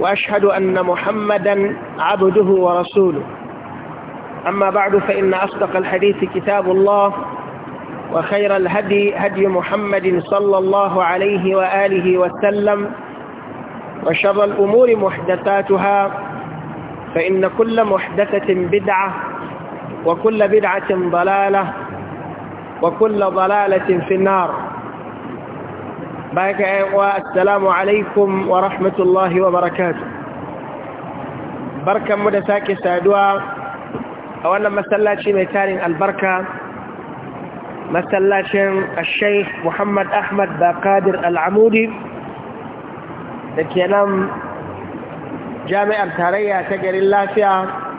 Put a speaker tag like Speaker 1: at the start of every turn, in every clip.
Speaker 1: وأشهد أن محمدا عبده ورسوله أما بعد فإن أصدق الحديث كتاب الله وخير الهدي هدي محمد صلى الله عليه وآله وسلم وشر الأمور محدثاتها فإن كل محدثة بدعة وكل بدعة ضلالة وكل ضلالة في النار bayan ka uwa asalamu alaikum wa rahmatullahi wa barakatu barkanmu da sake saduwa a wannan masallaci mai tarin albarka masallacin ashaif muhammad ahmad al al'amudi da kenan jami'ar tarayya ta garin lafiya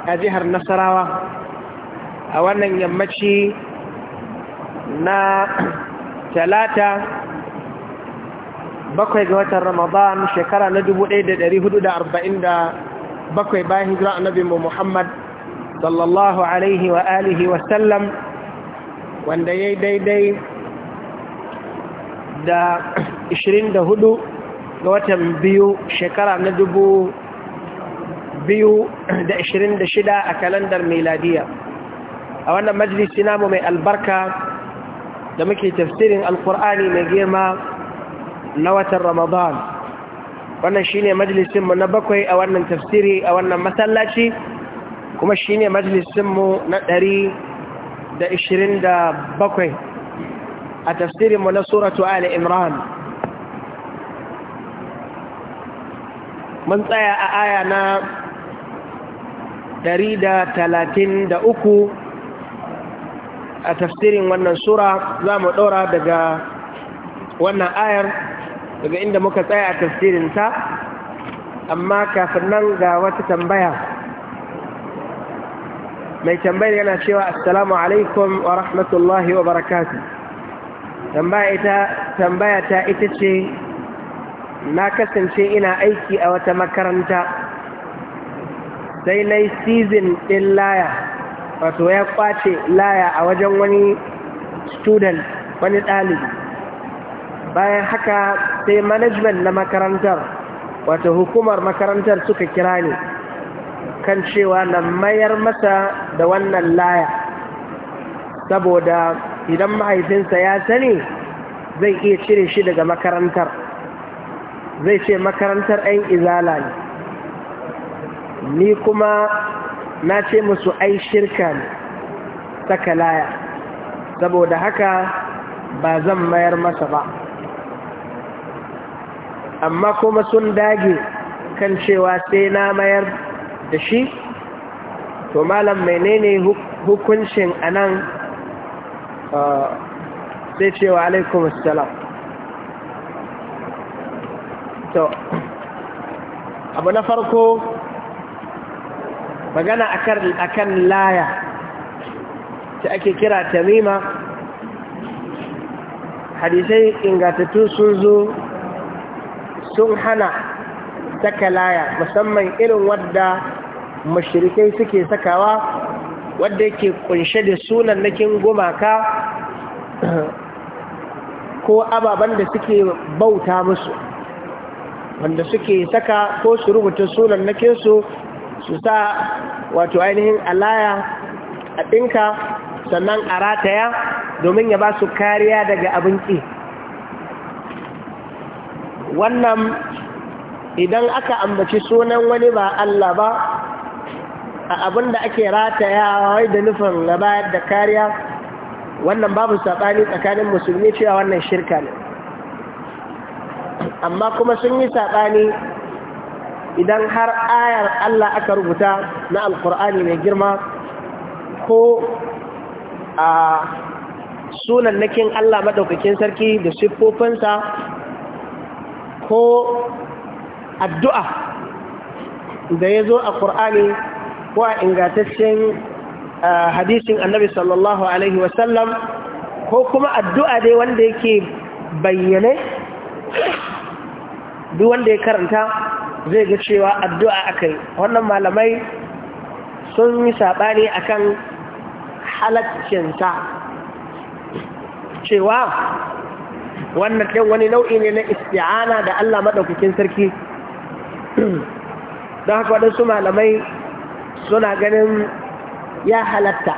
Speaker 1: a jihar nasarawa a wannan yammaci na talata bakwai ga watan ramadan shekara na 1447 bayan hijira annabi muhammad sallallahu alaihi wa alihi sallam. wanda ya daidai da 24 ga watan biyu shekara na 2026 a kalandar meladiya a wannan majalisi namu mai albarka da muke tafsirin alkur'ani mai girma na watan ramadan wannan shine majalisinmu na bakwai a wannan tafsiri a wannan masallaci kuma shine majalisinmu na ɗari da ishirin da bakwai a tafsirinmu na suratu ali imran mun tsaya a aya na ɗari da talatin da uku a tafsirin wannan sura za mu ɗora daga wannan ayar daga inda muka tsaya a tafsirinsa amma kafin nan ga wata tambaya mai tambayar yana cewa assalamu alaikum wa rahmatullahi wa barakatu tambaya ta ita ce na kasance ina aiki a wata makaranta sai na yi season ɗin laya wato ya kwace laya a wajen wani student wani ɗalibi bayan haka sai management na makarantar wata hukumar makarantar suka kira ni kan cewa na mayar masa da wannan laya saboda idan mahaifinsa ya sani zai iya cire shi daga makarantar zai ce makarantar 'yan izala ne ni kuma na ce musu ai shirka ne saka laya saboda haka ba zan mayar masa ba amma kuma sun dage kan cewa sai na mayar da shi to malam menene hukuncin anan ah, sai cewa alaikum assalam to abu na farko magana akan laya ta ake kira tamima hadisai ingatattu sun zo sun hana saka laya musamman irin wadda mashirikai suke sakawa wadda yake kunshe da sunan nakin gumaka ko ababen da suke bauta musu wanda suke saka ko su rubuta sunan nakinsu su sa wato ainihin alaya a ɗinka sannan a rataya domin ya ba su kariya daga abin wannan idan aka ambaci sunan wani ba Allah ba a abin da ake ratayawa wai da nufin bayar da kariya wannan babu saɓani tsakanin musulmi cewa wannan shirka ne amma kuma sun yi saɓani idan har ayar Allah aka rubuta na alkur'ani mai girma ko a sunan nakin Allah maɗaukakin sarki da siffofinsa ko addu'a da ya zo a ƙur'ani ko a ingantaccen hadisin annabi sallallahu alaihi wasallam ko kuma addu'a dai wanda yake bayyane duk wanda ya karanta zai ga cewa addu'a aka yi wannan malamai sun yi saɓani akan halaccinta cewa wannan ɗin wani nau'i ne na isti'ana da Allah maɗaukakin sarki don haka waɗansu malamai suna ganin ya halatta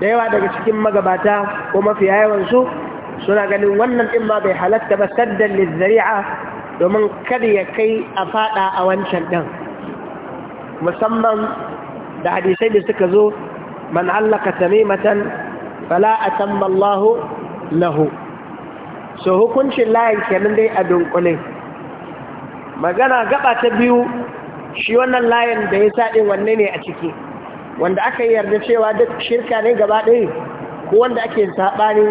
Speaker 1: da yawa daga cikin magabata ko mafi yawansu suna ganin wannan ɗin ma bai halatta ba saddan lizari'a domin kada ya kai a faɗa a wancan ɗin musamman da hadisai da suka zo man allaka tamimatan fala atamma Allahu lahu so hukuncin layin kenan dai a dunkule magana gaba ta biyu shi wannan layin da ya saɗe wanne ne a ciki wanda aka yi yarda cewa duk shirka ne gaba ɗaya ko wanda ake saɓani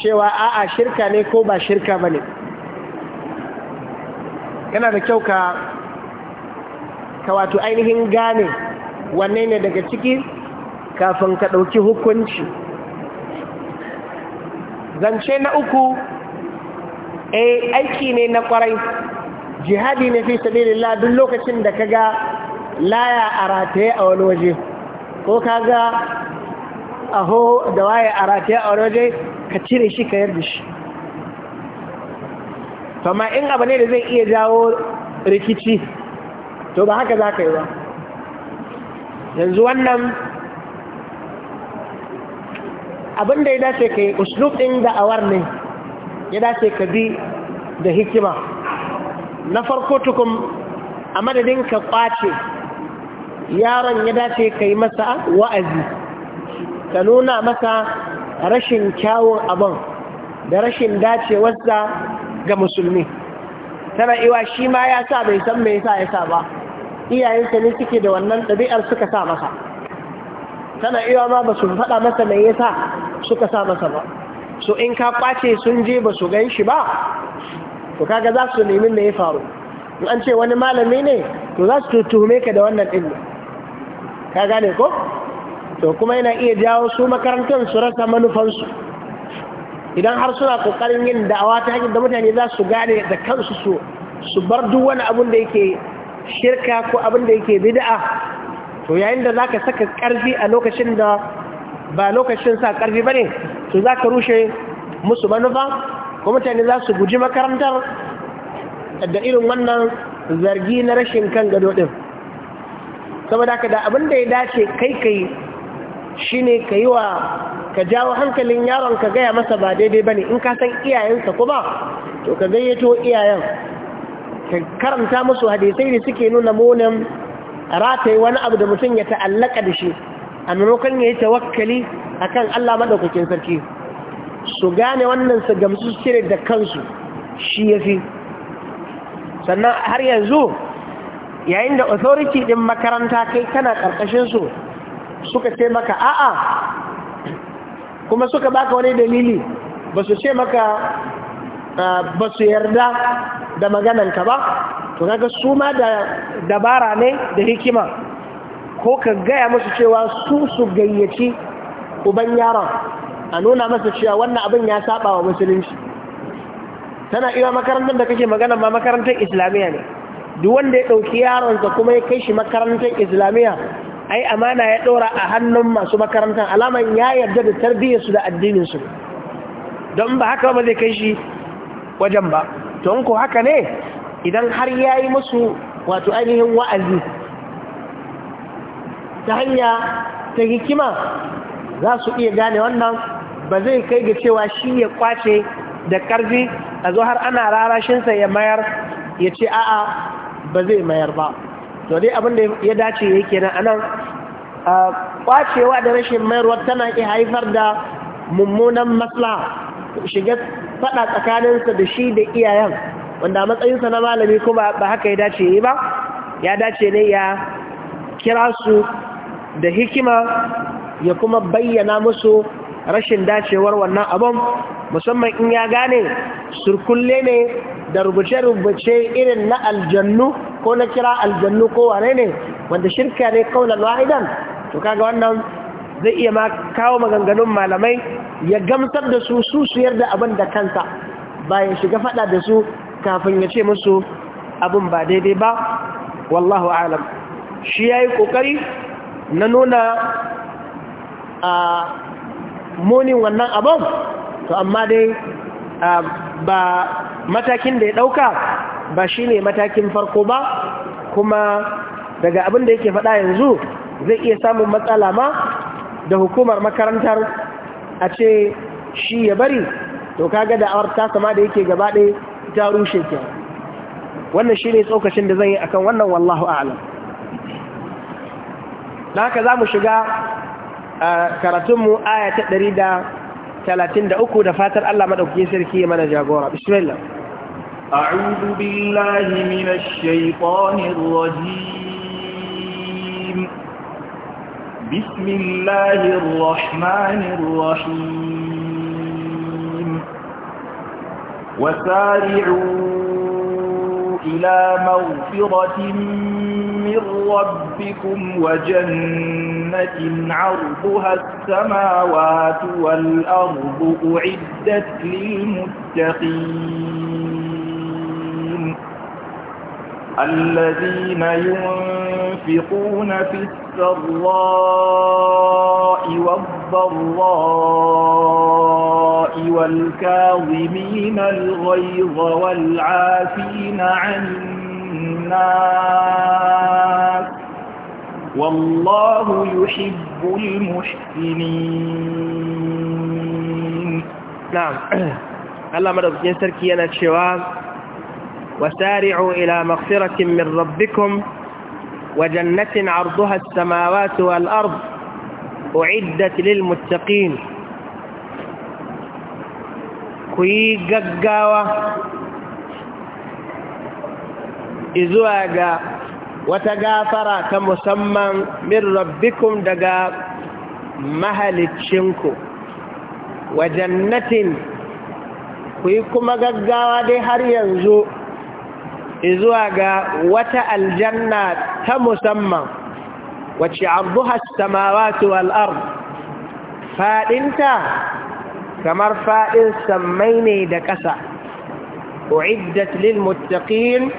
Speaker 1: cewa a'a shirka ne ko ba shirka ba ne yana da kyau ka ka wato ainihin gane wanne ne daga ciki kafin ka ɗauki hukunci zance na uku eh aiki ne na kwarai jihadi ne fi sabilillah duk lokacin da kaga laya a rataye a wani waje ko kaga aho da waye a rataye a wani waje ka cire shi ka yarda shi amma in abu ne da zai iya jawo rikici to ba haka za ka yi ba yanzu wannan abin da ya dace ka yi uslub ɗin da'awar ne ya dace ka bi da hikima na farko tukun a madadin ka kwace yaron ya dace ka yi masa wa'azi ka nuna masa rashin kyawun abin da rashin dacewarsa ga musulmi tana iwa shi ma ya sa bai san mai sa ya sa ba iyayensa ne suke da wannan ɗabi'ar suka sa masa tana iwa ma ba su faɗa masa mai ya sa suka sa masa ba so in ka kwace sun je ba su gan shi ba to kaga za su nemi me ya faru in an ce wani malami ne to za su tuhume ka da wannan din ka gane ko to kuma yana iya jawo su makarantar su rasa manufansu idan har suna kokarin yin da'awa ta hanyar da mutane za su gane da kansu su su bar duk wani abin da yake shirka ko abin da yake bid'a to yayin da zaka saka karfi a lokacin da ba lokacin sa karfi bane to za ka rushe musu manufa ko mutane za su guji makarantar da irin wannan zargi na rashin kan gado ɗin saboda haka da abin da ya dace kai kai shine ka yi wa ka jawo hankalin yaron ka gaya masa ba daidai ba ne in ka san iyayensa kuma to ka gayyato iyayen ka karanta musu hadisai da suke nuna munin rataye wani abu da mutum ya ta'allaka da shi a maimakon ya yi tawakkali a kan Allah maɗaukakin sarki su gane wannan su gamsu cire da kansu shi ya fi sannan har yanzu yayin da authority ɗin makaranta kai kana karkashin su suka ce maka a'a kuma suka baka wani dalili ba su ce maka ba su yarda da magananka ba to kaga su ma da dabara ne da hikima ko ka gaya musu cewa su su gayyaci uban yaron a nuna masa cewa wannan abin ya saba wa musulunci tana iya makarantar da kake magana ma makarantar islamiyya ne duk wanda ya ɗauki yaronsa kuma ya kai shi makarantar islamiyya ai amana ya ɗora a hannun masu makarantar alaman ya yarda da tarbiyyarsu da addininsu don ba haka ba zai kai shi wajen ba in ko haka ne idan har ya yi musu wato ainihin wa'azi ta hanya ta hikima za su iya gane wannan ba zai kai ga cewa shi ya kwace da ƙarfi a zo har ana rarashinsa ya mayar ya ce a'a ba zai mayar ba to dai abin da ya dace ya kenan a nan kwacewa da rashin mayarwa tana iya haifar da mummunan matsala, shiga faɗa tsakaninsa da shi da iyayen wanda matsayinsa na malami kuma ba haka ya dace yi ba ya dace ne ya kira su da hikima ya kuma bayyana musu rashin dacewar wannan abin musamman in ya gane surkulle ne da rubuce-rubuce irin na aljannu ko na kira aljannu ko wane ne wanda shirka ne kaunar wahidan to kaga wannan zai iya ma kawo maganganun malamai ya gamsar da su su suyar da abin da kansa bayan shiga fada da su kafin ya ce musu abin ba daidai ba wallahu alam shi ya yi ƙoƙari na nuna A munin wannan abun? to amma dai ba matakin da ya ɗauka ba shi ne matakin farko ba kuma daga abin da yake faɗa yanzu zai iya samun matsala ma da hukumar makarantar a ce shi ya bari to kaga da'awar ta sama da yake gabaɗe ta rushe ke wannan shi ne tsokacin da zai yi akan wannan wallahu a'alam da haka za mu shiga a karatunmu aya ta ɗari da talatin da uku da fatar Allah maɗauki sarki mana jagora bismillah أعوذ بالله من الشيطان الرجيم بسم الله الرحمن الرحيم وسارعوا إلى مغفرة من ربكم وجنة عرضها السماوات والأرض أعدت للمتقين الذين ينفقون في السراء والضراء والكاظمين الغيظ والعافين عن الناس والله يحب المحسنين نعم الله مدفجين سركي أنا شواذ وسارعوا إلى مغفرة من ربكم وجنة عرضها السماوات والأرض أعدت للمتقين كي ققاوة إزواجا وتقافرا كمسمى من ربكم دقا مهل تشنكو وجنة كي yi kuma gaggawa dai zuwa ga wata aljanna ta musamman wacce arduha samawati wal ard kamar faɗin sammai ne da ƙasa uiddat lil muttaqin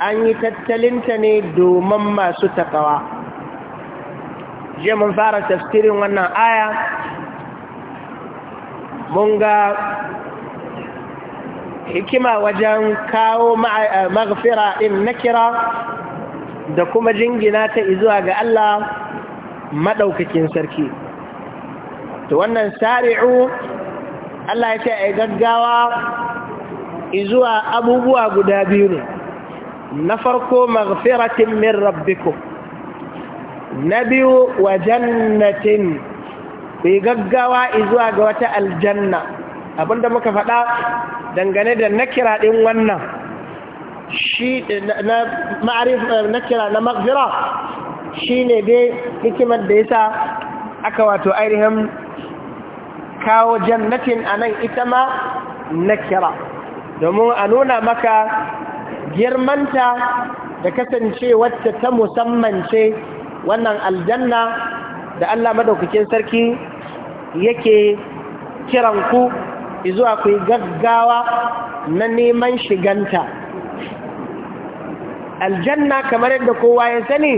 Speaker 1: an yi tattalinta ne domin masu taƙawa. je mun fara tafsirin wannan aya mun ga hikima wajen kawo eh, maghfira ɗin na kira da kuma jingina ta izuwa ga Allah maɗaukakin sarki to wannan sari'u Allah ya ce a gaggawa izuwa abubuwa guda biyu ne na farko maghfiratin min rabbikum na biyu wa jannatin ku gaggawa izuwa ga wata aljanna Abin da muka faɗa dangane da na kira ɗin wannan shi na ma'arif eh, na makzira shi ne dai hikimar da yasa aka wato ainihin kawo jannatin a nan ita ma nakira domin a nuna maka girmanta da kasancewarta ta musamman ce wannan aljanna da Allah madaukakin sarki yake kiranku zuwa ku yi gaggawa na neman shiganta aljanna kamar yadda kowa ya sani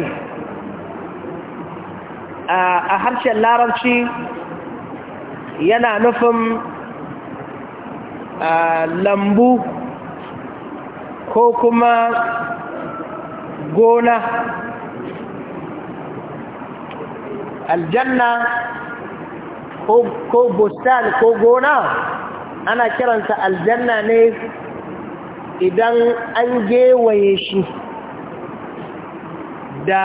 Speaker 1: a harshen larabci yana nufin lambu ko kuma gona aljanna ko bustan ko gona ana kiransa aljanna ne idan an gewaye shi da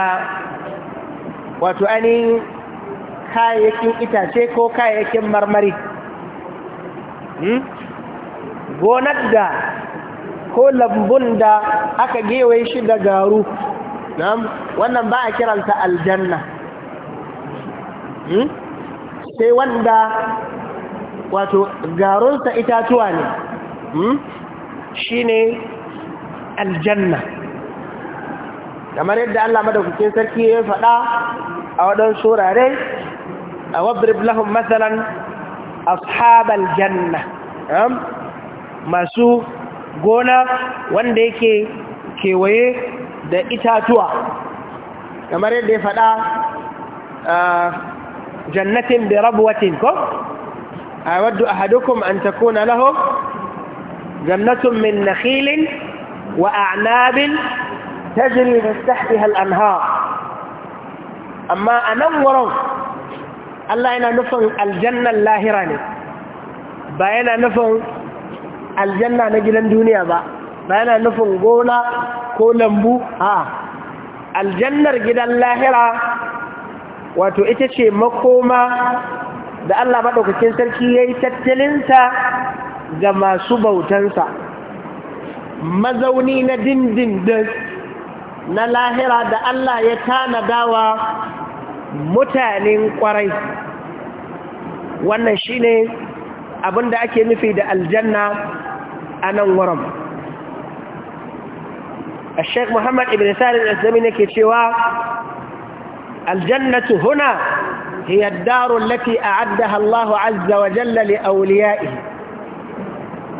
Speaker 1: wato ainihin kayayyakin itace ko kayayyakin marmari hmm? gonar da ko lambun da aka gewaye shi da garu wannan ba a kiransa aljanna hmm? sai wanda wato garunsa itatuwa ne hmm? shi ne aljanna kamar yadda Allah madaukakin sarki ya faɗa a waɗansu surare a wadrib lahun matsalan ashabal janna hmm? masu gona wanda yake kewaye da itatuwa kamar yadda ya faɗa uh, jannatin da rabuwatin ko أود أحدكم أن تكون له جنة من نخيل وأعناب تجري من تحتها الأنهار أما أنا ورم الله أنا نفن الجنة اللاهرة بين نفن الجنة نجل الدنيا با بأنا نفن قولا كولمبو ها آه. الجنة جدا اللاهرة wato مقومة da Allah maɗaukakin sarki ya yi tattalinsa ga masu bautansa mazauni na dindindin na lahira da Allah ya tanada wa mutanen ƙwarai wannan shi ne abinda ake nufi da aljanna a nan wurin الشيخ محمد ابن سالم الإسلامي نكي شواء الجنة هنا هي الدار التي أعدها الله عز وجل لأوليائه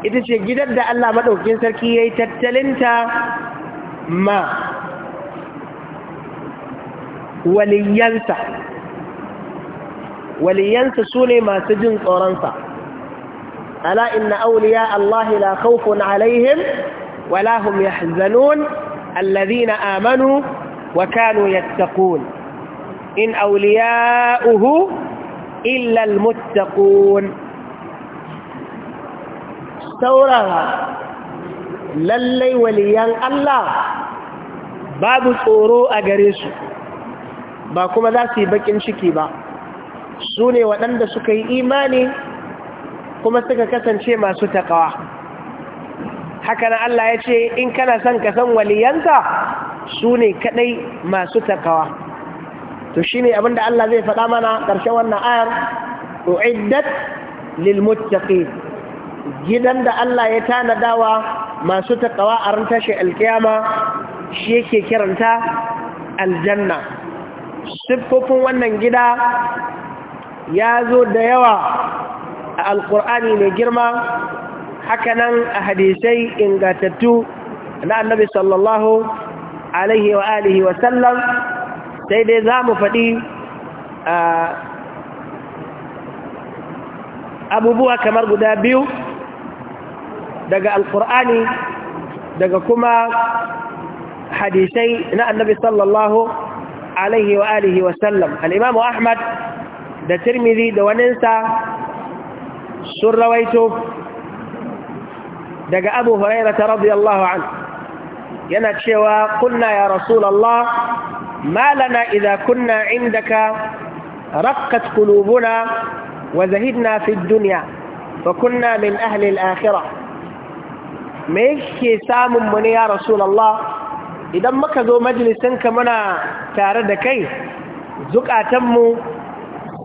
Speaker 1: إذا شجدت الله مدعو جنسر كي يتتلنت ما ولينسى ولينسى سولي ما سجن صورنسى ألا إن أولياء الله لا خوف عليهم ولا هم يحزنون الذين آمنوا وكانوا يتقون in auliya'uhu illa almuttaqun saurara lallai waliyan Allah babu tsoro a gare su ba kuma za su yi bakin ciki ba su ne waɗanda suka yi imani kuma suka kasance masu taƙawa haka na Allah ya ce in kana son ka san waliyanka su ne kaɗai masu taƙawa to shine abinda Allah zai faɗa mana ƙarshen wannan ayar uiddat lil muttaqin gidan da Allah ya tanadawa masu taƙawa a ran tashi alkiyama shi yake kiranta aljanna siffofin wannan gida ya zo da yawa a alkur'ani mai girma hakanan a hadisai ingatattu na annabi sallallahu alaihi wa alihi wa sallam sai dai za mu faɗi abubuwa kamar guda biyu daga alkur'ani daga kuma hadisai na annabi sallallahu alaihi wa alihi al'imamu ahmad da tirmidhi da waninsa sun rawaito daga abu hurairata radiyallahu an yana cewa kunna ya rasulallah ما لنا إذا كنا عندك رقت قلوبنا وزهدنا في الدنيا وكنا من أهل الآخرة ميكي سام مني يا رسول الله إذا مكذو مجلسنك منا تاردكي زكا تمو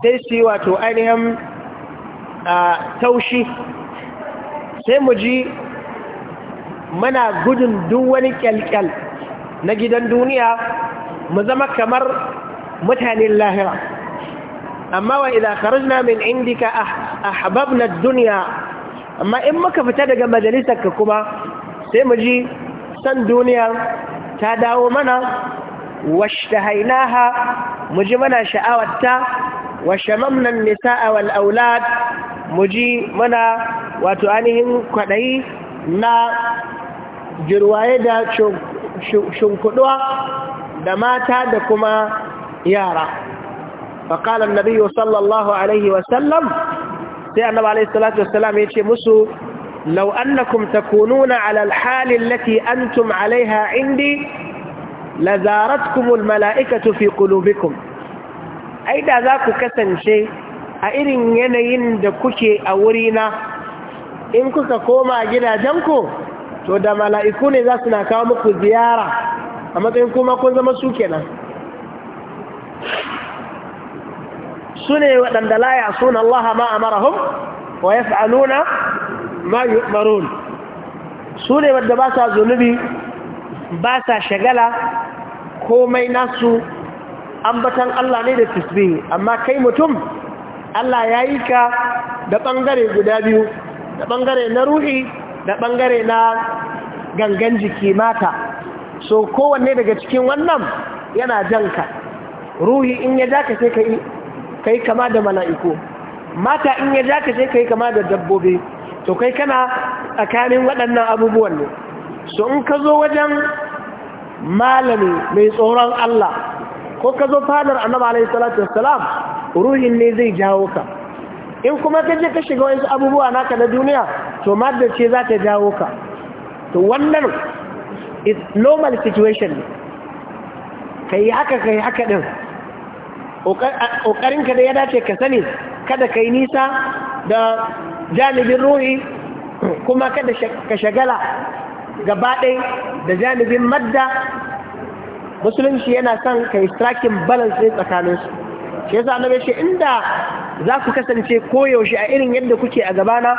Speaker 1: تيسي وتؤنهم آه، توشي سيمجي منا قدن دوني كالكال نجدن دونيها mu zama kamar mutanen lahira amma wa idan kharajna min indika ah, ahbabna na duniya amma in muka fita daga majalisarka kuma sai mu ji san duniya ta dawo mana washtahainaha mu ji mana sha'awarta وشممنا النساء mana wato ainihin kwaɗayi na jirwaye da shimfiɗuwa da mata da kuma yara faƙalar nabiyu sallallahu alaihi wasallam sai annaba alaihi salatu wasallam ya ce musu lau annakum takununa alal halin lati antum alaiha indi lazaratkumul mala'ikatu fi qulubikum ai za ku kasance a irin yanayin da kuke a wurina in kuka koma gidajenku to da mala'iku ne za su na kawo muku ziyara a matsayin kuma kun zama su kenan su ne waɗanda la a sunan Allah ma amarahum wa ya nuna ma su ne wadda ba sa zunubi ba sa shagala komai nasu ambatan Allah ne da tisbihi amma kai mutum Allah ya yi ka da ɓangare guda biyu da ɓangare na ruhi da ɓangare na gangan jiki mata so kowanne daga cikin wannan yana janka ruhi in ya ja ka sai ka yi kama da mala'iku mata in ya ja ka sai ka yi kama da dabbobi to kai kana tsakanin waɗannan abubuwan ne so in ka zo wajen malami mai tsoron Allah ko ka zo fadar annaba alaihi salatu wassalam ruhin ne zai jawo ka in kuma kaje ka shiga wasu abubuwa naka na duniya to madda ce za ta jawo ka to wannan is normal situation ka yi haka ka yi haka ɗin ƙoƙarinka da ya dace ka sani kada ka yi nisa da janibin ruhi kuma kada ka shagala gabaɗai da janibin madda musulunci yana son ka yi striking balance tsakaninsu shi yasa annabi ce inda za ku kasance koyaushe a irin yadda kuke a gabana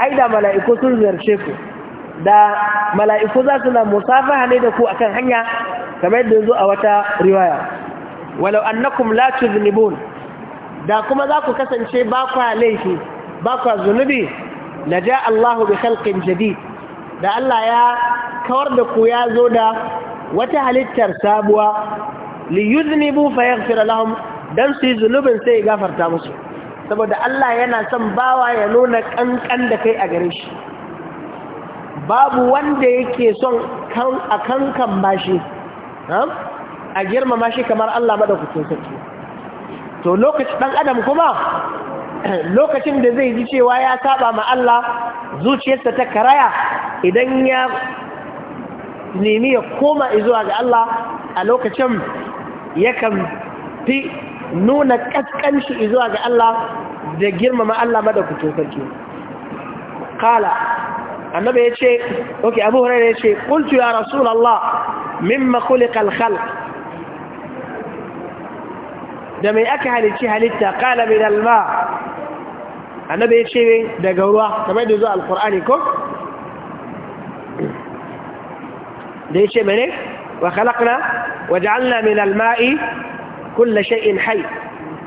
Speaker 1: ai da mala'iku sun ziyarce ku da mala'iku za su na musafaha ne da ku akan hanya kamar yadda yanzu a wata riwaya walau annakum la tuznibun da kuma za ku kasance ba kwa laifi ba zunubi la ja Allahu bi khalqin jadid da Allah ya kawar da ku ya zo da wata halittar sabuwa li fa lahum don su yi zunubin sai gafarta musu saboda Allah yana son bawa ya nuna kankan da kai a gare shi babu wanda yake son a kankan bashi eh? a girmama shi kamar Allah madaukakin sarki to lokaci dan adam kuma lokacin da zai ji cewa ya saba ma Allah zuciyarsa ta karaya idan ya nemi ya koma izuwa ga Allah a lokacin yakan fi nuna kaskanci zuwa ga Allah da girmama Allah madaukakin sarki kala annabi ya ce ok abu hurairu ya ce kultu ya rasulallah mimma khuliqa al-khalq da mai aka halicci halitta kala min al-ma annabi ya ce daga ruwa kamar da zuwa alkur'ani ko da ya ce mene wa khalaqna wa ja'alna min al-ma'i كل شيء حي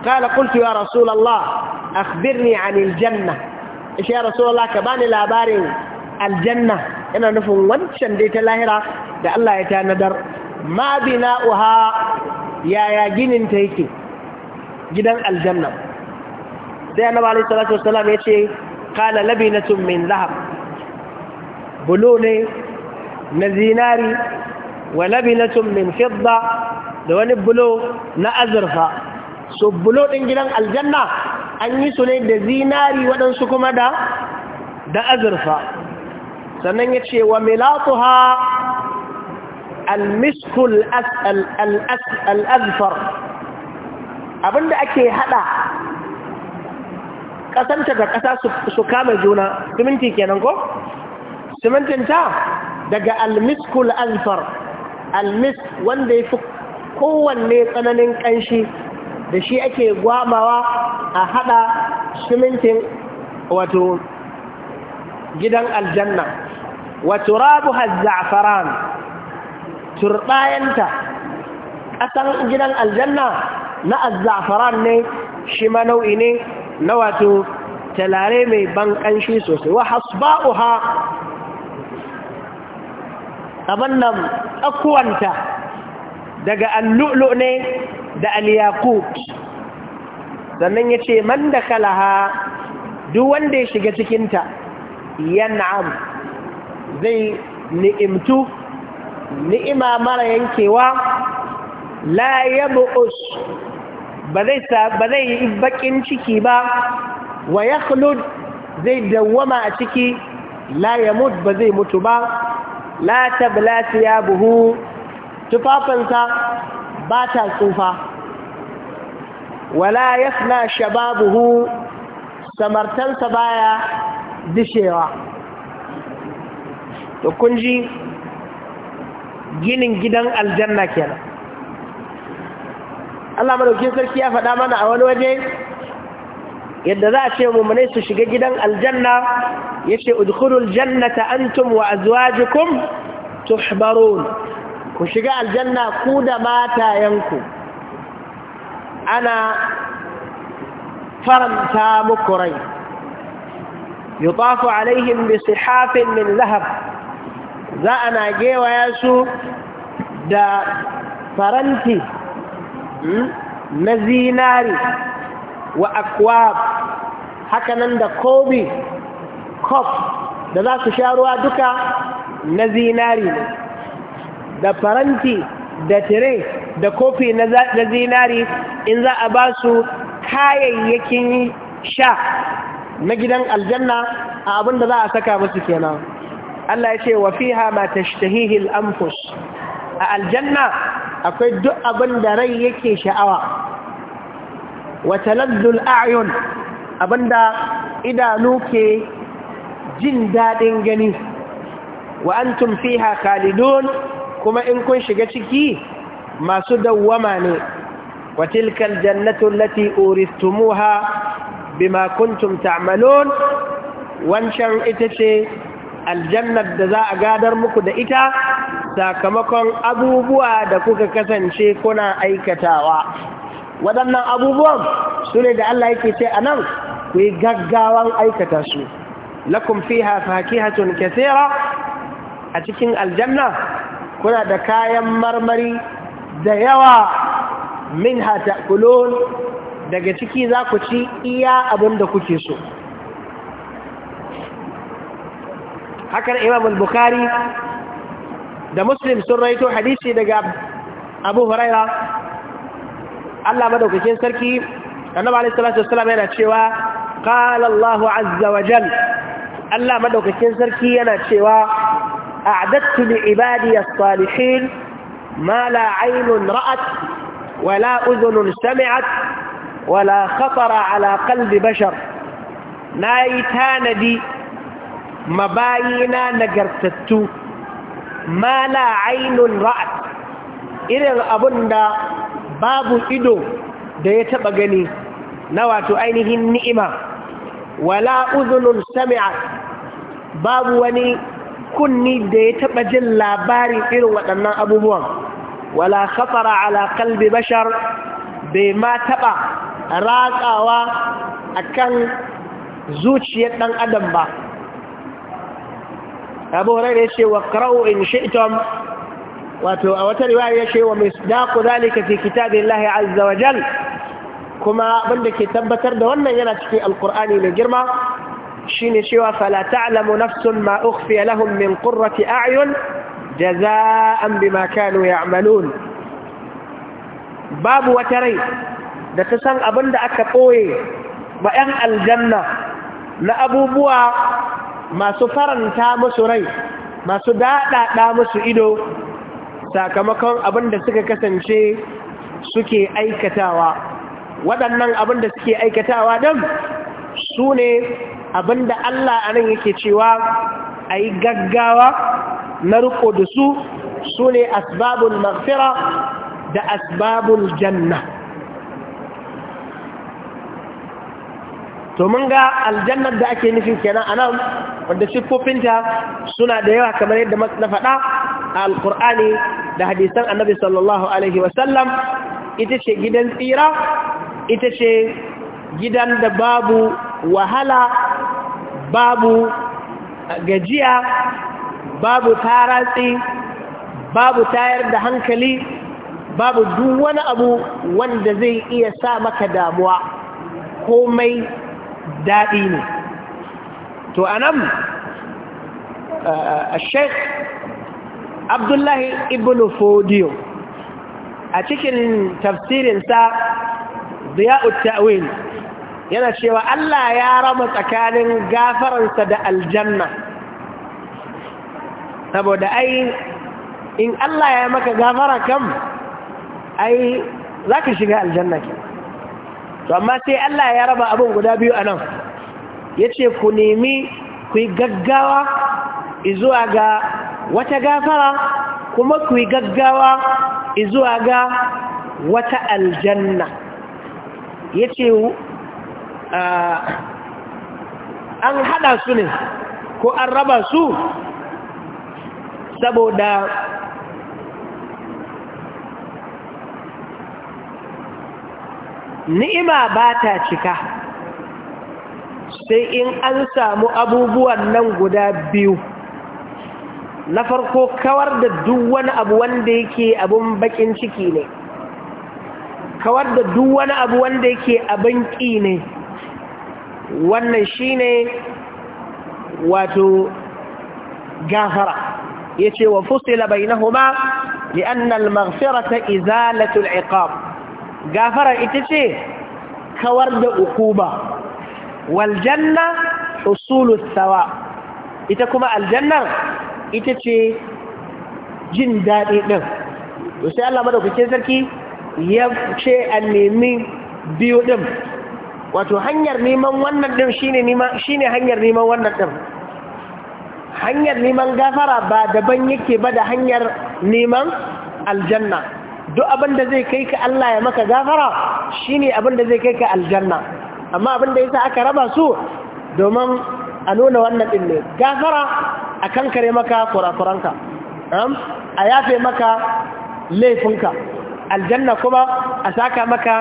Speaker 1: قال قلت يا رسول الله أخبرني عن الجنة إيش يا رسول الله كباني لاباري الجنة إنا نفهم وانشان ديت اللاهرة دا الله يتاندر ما بناؤها يا يا جين انتهيكي جدن الجنة دي النبي عليه الصلاة والسلام يتشي قال لبنة من ذهب بلوني نزيناري wa labinatun min fidda da wani bulo na azurfa so bulo ɗin gidan aljanna an yi su ne da zinari waɗansu kuma da da azurfa sannan ya ce wa milatuha almiskul al'azfar abinda ake hada ƙasanta da ƙasa su kama juna siminti kenan ko simintin ta daga almiskul azfar almis wanda ya fi kowanne tsananin ƙanshi da shi ake gwamawa a haɗa simintin wato gidan aljanna wato rabu hazzafaran turɓayanta ƙasan gidan aljanna na azzafaran ne shi nau'i ne na wato talare mai ban ƙanshi sosai wa hasba'uha abin nan akuwanta daga allu'lu ne da aliyaku sannan ya ce man da kalaha duk wanda ya shiga cikinta yan'am zai ni'imtu ni'ima mara yankewa la yabu'us ba zai yi baƙin ciki ba wa yakhlud zai dawwama a ciki la yamut ba zai mutu ba la tabla buhu tufafinsa ba ta tsufa wala shaba buhu samartansa baya dishewa to kun ginin gidan aljanna kenan Allah madaukin sarki ya faɗa mana a wani waje yadda za a ce mummunai su shiga gidan aljanna ya ce udkhulul jannata antum wa azwajukum tuhbarun ku shiga aljanna ku da matayenku ana faranta muku rai yutafu alaihim bi sihafin min zahab za a na gewaya su da faranti hmm, na zinari wa akwab hakanan da kobi kof da za su sha ruwa duka na zinari da faranti da tire da kofi na zinari in za a ba su kayayyakin sha na gidan aljanna a abin da za a saka musu kenan Allah ya ce wa fiha ma tashtahihi a aljanna akwai duk abin da rai yake sha'awa wata laddul a'yun abinda idanu ke jin daɗin gani wa an fiha khalidun kuma in kun shiga ciki masu dawwama ne Watilkan jannatun lati allati uristumuha bima kuntum ta'malun wancan ita ce aljannar da za a gadar muku da ita sakamakon abubuwa da kuka kasance kuna aikatawa waɗannan abubuwan su ne da Allah yake ce a nan ku yi gaggawan aikata su lakum fiha fakihatun kathira a cikin aljanna kuna da kayan marmari da yawa minha ta'kulun daga ciki za ku ci iya abin da kuke so hakan imam al-bukhari da muslim sun raito hadisi daga abu huraira Allah madaukakin sarki annabi alaihi salatu wassalam yana cewa qala Allahu azza wa jal Allah madaukakin sarki yana cewa a'dattu li ibadi as-salihin ma la 'aynun ra'at wa la udhunun sami'at wa la khatara 'ala qalbi bashar nayi tanadi mabayina nagartattu ma la 'aynun ra'at irin abunda babu ido da ya taɓa gani na wato ainihin ni'ima wala uzunun sami'a babu wani kunni da ya taɓa jin labarin irin waɗannan abubuwan wala khatara ala kalbi bashar bai ma taɓa raƙawa akan zuciyar ɗan adam ba abu hurairah ya ce wa qara'u in shi'tum wato a wata riwaya ya shewa wa misdaqu zalika fi kitabillahi azza wa jal kuma da ke tabbatar da wannan yana cikin alkur'ani mai girma shine cewa fala ta'lamu nafsun ma ukhfiya lahum min qurrati a'yun jaza'an bima kanu ya'malun babu wata rai da ta san abin da aka koye ba 'yan aljanna na abubuwa masu faranta musu rai masu daɗaɗa musu ido sakamakon abin da suka kasance suke aikatawa waɗannan abin da suke aikatawa ɗin su ne abin da Allah a nan yake cewa a yi gaggawa na riko da su su ne asbabul mafira da asibabin janna to mun ga aljannar da ake nufin kenan a nan wanda siffofinta suna da yawa kamar yadda na faɗa a alkur'ani da hadisan annabi sallallahu alaihi wasallam ita ce gidan tsira ita ce gidan da babu wahala babu gajiya babu taratsi babu tayar da hankali babu duk wani abu wanda zai iya sa maka damuwa komai daɗi ne to a nan sheik abdullahi ibn fodiyo a cikin tafsirinsa ziya'ut ta'wil yana cewa Allah ya rama tsakanin gafaransa da aljanna saboda ai in Allah ya maka gafara kam ai za ka shiga aljanna ke. to amma sai Allah ya raba abin guda biyu a nan ya ce ku nemi ku yi gaggawa izuwa ga wata gafara kuma ku yi gaggawa izuwa ga wata aljanna ya ce an haɗa su ne ko an raba su saboda ni'ima ba ta cika sai in an samu abubuwan nan guda biyu na farko kawar da duk wani abu wanda yake abin bakin ciki ne kawar da duk wani abu wanda yake abin ƙi ne wannan shine wato gafara ce wa fusila bai na huma liannal magfirata izalatul iqab Gafara ita ce kawar da ukuba waljanna usulu sawa ita kuma aljannar ita ce jin daɗi ɗin to sai Allah madaukakin sarki ya ce a nemi biyu ɗin wato hanyar neman wannan ɗin shine hanyar neman wannan ɗin hanyar neman gafara ba daban yake ba da hanyar neman aljanna duk abin da zai kai ka Allah ya maka gafara shine abin da zai kai ka aljanna amma abin da yasa aka raba su domin a nuna wannan din ne gafara a kankare maka kurakuranka a yafe maka laifinka aljanna kuma a saka maka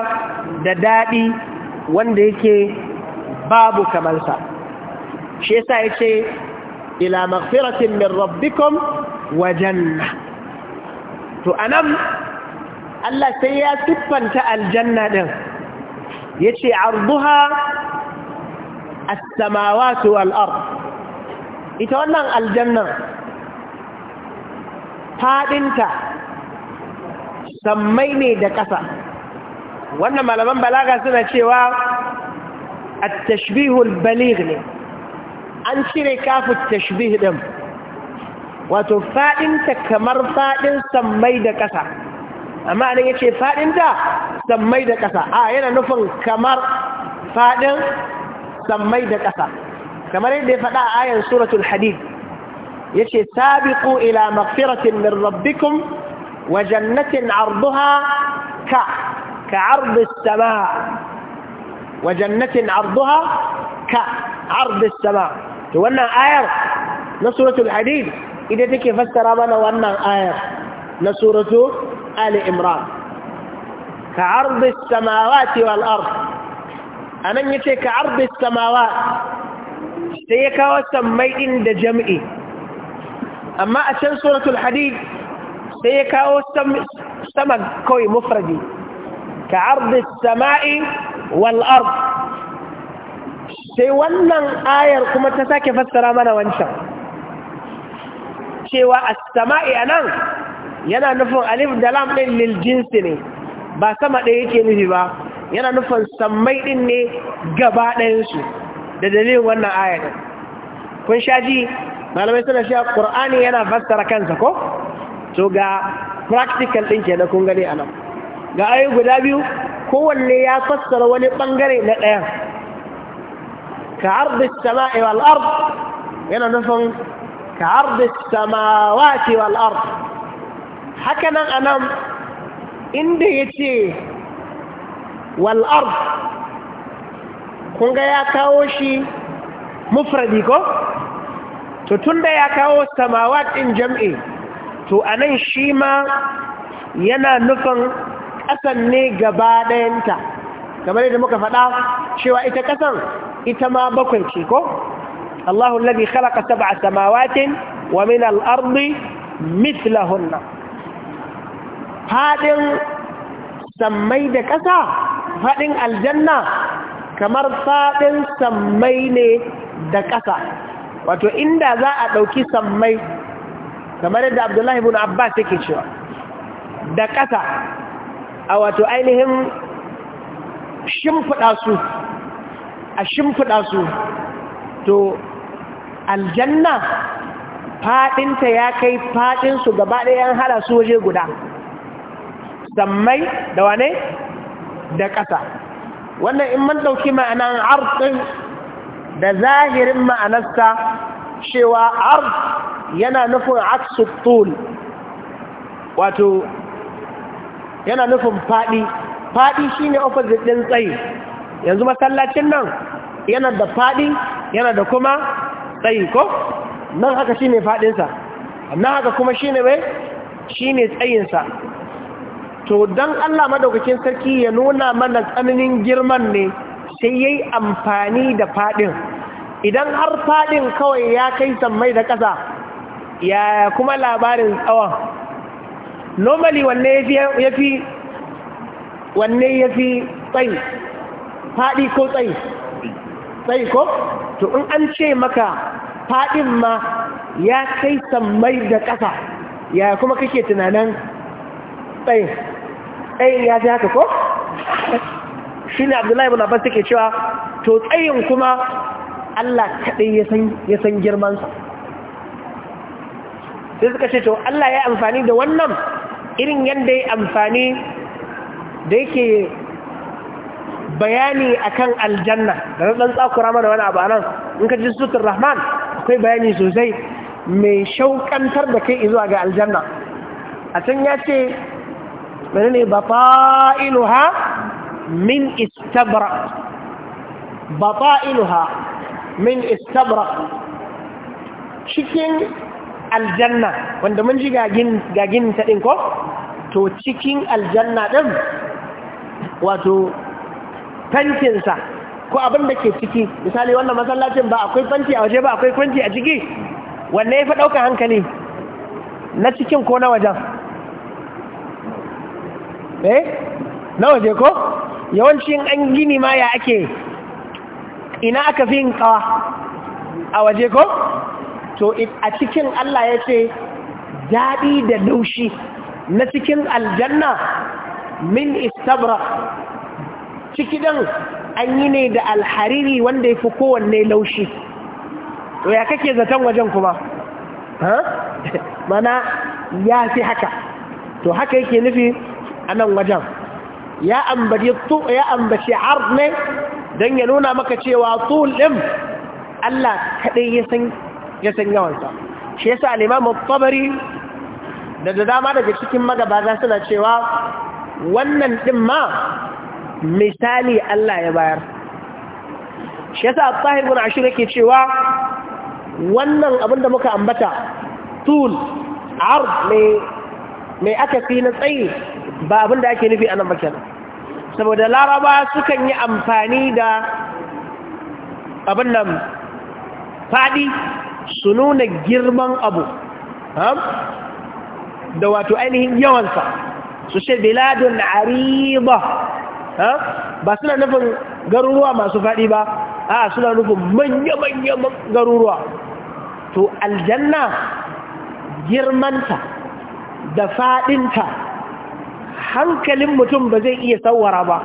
Speaker 1: da daɗi wanda yake babu kamarsa shi yasa yace ila maghfiratin min rabbikum wa janna to anan Allah sai ya siffanta aljanna ɗin ya ce arduha samawa su wal ita wannan aljanna faɗinta sammai ne da ƙasa wannan malaman balaga suna cewa a tashbihul baligh ne an cire kafu tashbih ɗin wato faɗinta kamar faɗin sammai da ƙasa amma anan yace fadin da sammai da ƙasa a yana nufin kamar fadin sammai da ƙasa kamar yadda ya faɗa a ayan suratul hadid yace sabiqu ila maghfiratin min rabbikum wa jannatin 'arduha ka كعرض السماء وجنة عرضها كعرض السماء وانا آير نصورة idan take fassara mana wannan ayar na نصورة آل إمران كعرض السماوات والأرض أنا يتي كعرض السماوات سيكا وسميئن دا جمعي أما أشان سورة الحديد سيكا وسمد كوي مفردي كعرض السماء والأرض sai wannan ayar kuma ta sake fassara mana wancan cewa as-sama'i anan yana nufin alif da lam ɗin lil jinsi ne ba sama ɗaya yake nufi ba yana nufin sammai ɗin ne gaba ɗayansu da dalilin wannan ayatun kun sha ji malamai suna shi ƙur'ani yana fassara kansa ko to ga practical ɗin ke na kun gani a nan ga ayi guda biyu kowanne ya fassara wani ɓangare na ɗayan ka ardi sama'i wal yana nufin ka ardi samawati wal ard hakanan anan inda ya ce wal'ar kunga ya kawo shi mufradi ko? to tunda ya kawo samawat ɗin jam'i to nan shi ma yana nufin ƙasan ne gaba ɗayanta kamar yadda muka faɗa cewa ita ƙasan ita ma bakwai ce ko? Allahun labi khalaqa sab'a samawatin wa min al'ardi mislahunna faɗin sammai da ƙasa faɗin aljanna kamar faɗin sammai ne da ƙasa wato inda za a ɗauki sammai kamar yadda abdullahi bin abbas yake cewa da ƙasa a wato ainihin shimfiɗa su a shimfiɗa su to aljanna faɗinta ya kai faɗinsu gaba ɗaya an hada su waje guda sammai da wane da ƙasa wannan in man ɗauki ma'anan arzikin da zahirin ma'anarsa cewa arz yana nufin aksutul wato yana nufin faɗi faɗi shi ne opposite ɗin tsayi yanzu masallacin nan yana da faɗi yana da kuma tsayi ko nan haka shi ne faɗinsa nan haka kuma shi ne mai shi ne tsayinsa to don Allah madaukakin sarki ya nuna mana tsananin girman ne sai yayi amfani da fadin idan har fadin kawai ya kai sammai da ƙasa ya kuma labarin tsawon normally wanne yafi wanne yafi tsayi fadi ko tsayi tsayi ko to in an ce maka fadin ma ya kai sammai da ƙasa ya kuma kake tunanin tsayi? tsayin ya ji haka ko shi ne abdullahi buna basu ke cewa to tsayin kuma Allah kaɗai ya san girmansa sai suka ce to Allah ya amfani da wannan irin yadda ya amfani da yake bayani akan aljanna da ɗan tsakura mana wani abu anan in ka ji sutun rahman akwai bayani sosai mai shaukantar da kai zuwa ga aljanna a can ya ce menene bata'iluha min istabraq bata'iluha min istabraq cikin aljanna wanda mun ji gagin taɗin ko to cikin aljanna ɗin wato fantinsa ko abin da ke ciki misali wannan masallacin ba akwai fanti a waje ba akwai fanti a ciki wanne ya fi ɗaukar hankali na cikin ko na wajen eh na waje ko yawancin an gini ma ya ake ina aka fi yin kawa a waje ko to a cikin Allah ya ce daɗi da laushi na cikin aljanna min istabra ciki don an yi ne da alhariri wanda ya fi kowanne laushi to ya kake zaton wajen kuma mana ya fi haka to haka yake nufi a nan wajen ya ambaci har ne don ya nuna maka cewa tul ɗin Allah kaɗai ya san yawansa shi yasa alimamu tabari da da dama daga cikin magabata suna cewa wannan ɗin ma misali Allah ya bayar shi yasa Tahir bin Ashir ke cewa wannan abin da muka ambata tul ard mai mai aka fi na tsayi ba abin ake nufi a nan bakin saboda laraba sukan yi amfani da abin nan faɗi su nuna girman abu da wato ainihin yawansa su ce biladun ariba ba suna nufin garuruwa masu faɗi ba a suna nufin manya-manya garuruwa to aljanna girmanta da faɗinta hankalin mutum ba zai iya tsawara ba